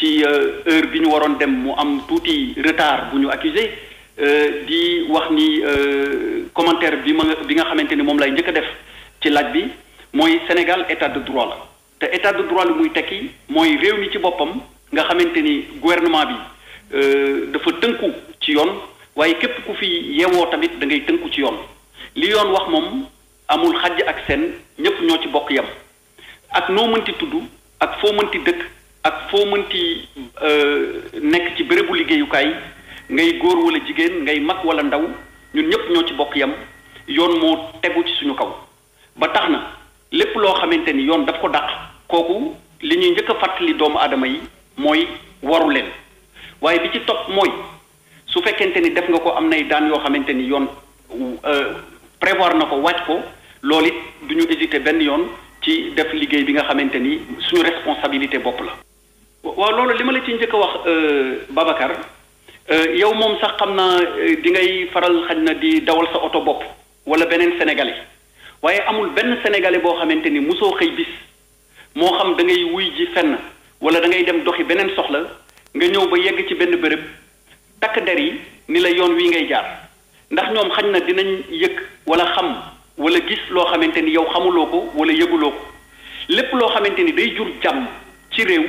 ci euh, heure bi ñu waroon dem mu am tuuti retard bu ñu accusé euh, di wax ni euh, commentaire bi ma bi nga xamante ni moom lay njëkk def ci laaj bi mooy Sénégal état de droit la te état de droit lu muy tekki mooy réew mi ci boppam nga xamante ni gouvernement bi dafa tënku ci yoon waaye képp ku fi yeewoo tamit da ngay tënku ci yoon li yoon wax moom amul xaj ak seen ñépp ñoo ci bokk yem ak noo mënti tudd ak foo mënti dëkk ak foo mënti euh, nekk ci bërëbu liggéeyukaay ngay góor wala jigéen ngay mag wala ndaw ñun ñëpp ñoo ci bokk yam yoon moo tegu ci suñu kaw ba tax na lépp loo xamante ni yoon daf ko dàq kooku li ñuy njëkk fàttali doomu aadama yi mooy waru leen waaye bi ci topp mooy su fekkente ni def nga ko am nay daan yoo xamante ni yoon euh, prévoir na ko wàcc ko loolu it du ñu hésiter benn yoon ci def liggéey bi nga xamante ni suñu responsabilité bopp la waaw loolu li ma la ci njëkk a wax Babacar yow moom sax xam naa di ngay faral xaj na di dawal sa oto bopp wala beneen sénégalais waaye amul benn sénégalais boo xamante ni mosoo xëy bis moo xam da ngay wuy ji fenn wala da ngay dem doxi beneen soxla nga ñëw ba yegg ci benn bërëb takk der yi ni la yoon wi ngay jaar ndax ñoom xaj na dinañ yëg wala xam wala gis loo xamante ni yow xamuloo ko wala yëguloo ko lépp loo xamante ni day jur jàmm ci réew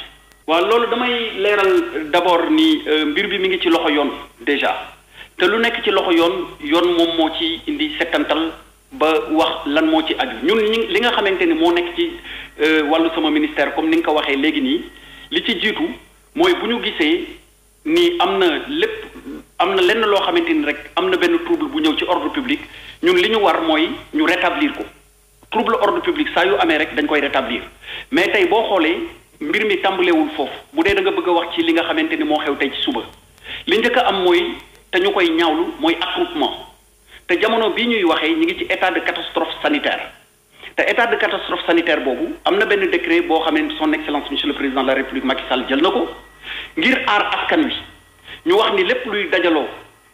waaw loolu damay leeral d'abord nii euh, mbir bi mi ngi ci loxo yoon déjà te lu nekk ci loxo yoon yoon moom moo ci indi settantal ba wax lan moo ci aju ñun li nga xamante ni moo nekk ci euh, wàllu sama ministère comme ni nga ko waxee léegi nii li ci jiitu mooy bu ñu gisee nii am na lépp am na lenn loo xamante ni rek am na benn trouble bu ñëw ci ordre public ñun li ñu war mooy ñu rétablir ko trouble ordre public saa yu amee rek dañ koy rétablir mais tey boo xoolee mbir mi tàmbalewul foofu mu dee da nga bëgg a wax ci li nga xamante ni moo xew tey ci suba li njëkk a am mooy te ñu koy ñaawlu mooy attroupement te jamono bii ñuy waxee ñu ngi ci état de catastrophe sanitaire te état de catastrophe sanitaire boobu am na benn décret boo xam ne son excellence monsieur le président de la république Macky jël na ko ngir aar askan wi ñu wax ni lépp luy dajaloo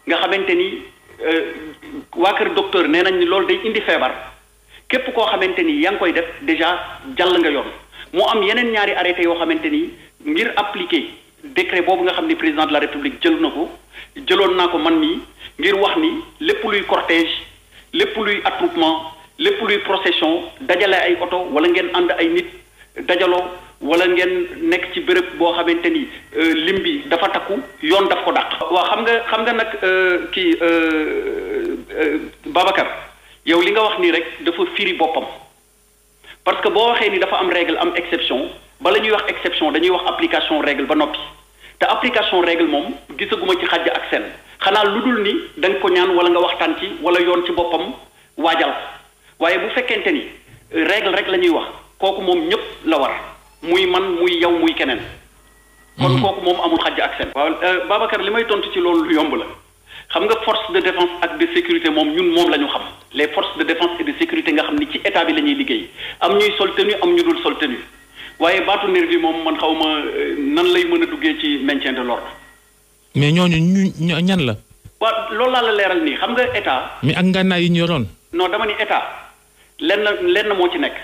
nga xamante ni euh, waa kër docteur nee nañ ni loolu day indi feebar képp koo xamante ni yaa ngi koy def déjà jàll nga yoon. mu am yeneen ñaari arrêté yoo xamante ni ngir appliquer décret boobu nga xam ni président de la république jël na ko jëloon naa ko man mii ngir wax ni lépp luy cortège lépp luy attroupement lépp luy procession dajale ay oto wala ngeen ànd ay nit dajaloo wala ngeen nekk ci béréb boo xamante ni euh, lim bi dafa takku yoon daf ko dàq. waaw xam nga xam nga nag euh, kii euh, Babacar yow li nga wax ni rek dafa firi boppam. parce que boo waxee ni dafa am règle am exception bala ñuy wax exception dañuy wax application règle ba noppi te application règle moom gisaguma ci xàjj ak seen xanaa lu dul ni da nga ko ñaan wala nga waxtaan ci wala yoon ci boppam waajal waaye bu fekkente ni euh, règle rek la ñuy wax kooku moom ñëpp la war muy man muy yow muy keneen. kon mm-hmm. kooku moom amul xaj ak seen. waaw euh, Babacar li may tontu ci loolu yomb la xam nga force de défense ak de sécurité moom ñun moom la ñu xam. les forces de défense et de sécurité nga xam ni ci état bi la ñuy liggéey am ñuy sol tenue am ñu dul sol tenue waaye baatu nervi bi moom man xaw ma euh, nan lay mën a duggee ci maintien de l'ordre mais ñooñu ñu ñan la. waaw loolu laa la leeral nii xam nga état. mi ak ngànnaay yi ñu yoroon. noo dama ni état lenn lenn moo ci nekk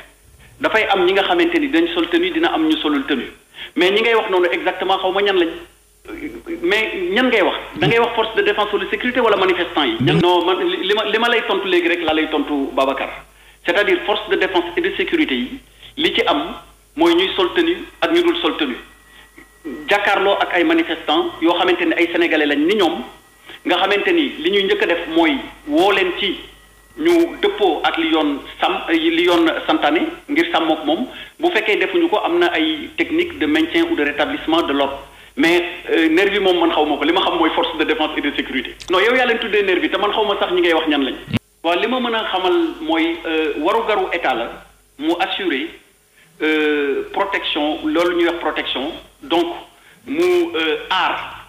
dafay am ñi nga xamante ni dañ sol tenue dina am ñu solul tenue mais ñi ngay wax noonu exactement xaw ma ñan lañ mais ñan ngay wax da ngay wax force de défense ou de sécurité wala manifestant yi. non man li ma lay tontu léegi rek la lay tontu Babacar c'est-à-dire force de défense et de sécurité yi li ci am mooy ñuy sol tenue ak ñu dul sol tenue jàkkaarloo ak ay manifestants yoo xamante ni ay sénégalais lañ ni ñoom nga xamante ni li ñuy njëkk a def mooy woo leen ci ñu dëppoo ak li yoon sam li yoon santaane ngir sàmmook moom bu fekkee defuñu ko am na ay technique de maintien ou de rétablissement de l'ordre mais euh, nervi moom man xaw ma ko li ma xam mooy force de défense et de sécurité. non yow yaa leen tuddee nervi te man xaw ma sax ñi ngay wax ñan lañ. waaw li ma mën a xamal mooy euh, warugaru état la mu assurer euh, protection loolu ñuy wax protection donc mu aar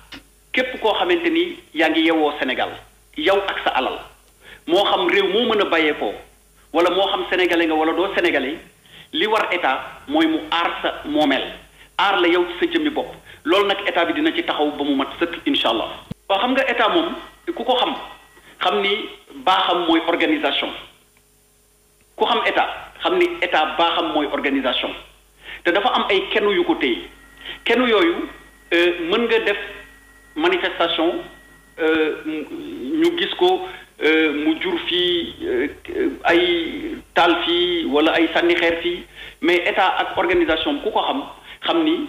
képp koo xamante ni yaa ngi yewoo Sénégal yow ak sa alal moo xam réew moo mën a bàyyeekoo wala moo xam sénégalais nga wala doo sénégalais li war état mooy mu aar sa moomeel aar la yow ci sa jëmmi bopp. loolu nak état bi dina ci taxaw ba mu mat sëkk incha allah. waaw xam nga état moom ku ko xam xam ni baaxam mooy organisation ku xam état xam ni état baaxam mooy organisation te dafa am ay kenu yu ko téye kennu yooyu mën nga def manifestation ñu gis ko mu jur fii ay tal fii wala ay sànni xeer fii mais état ak organisation ku ko xam xam ni.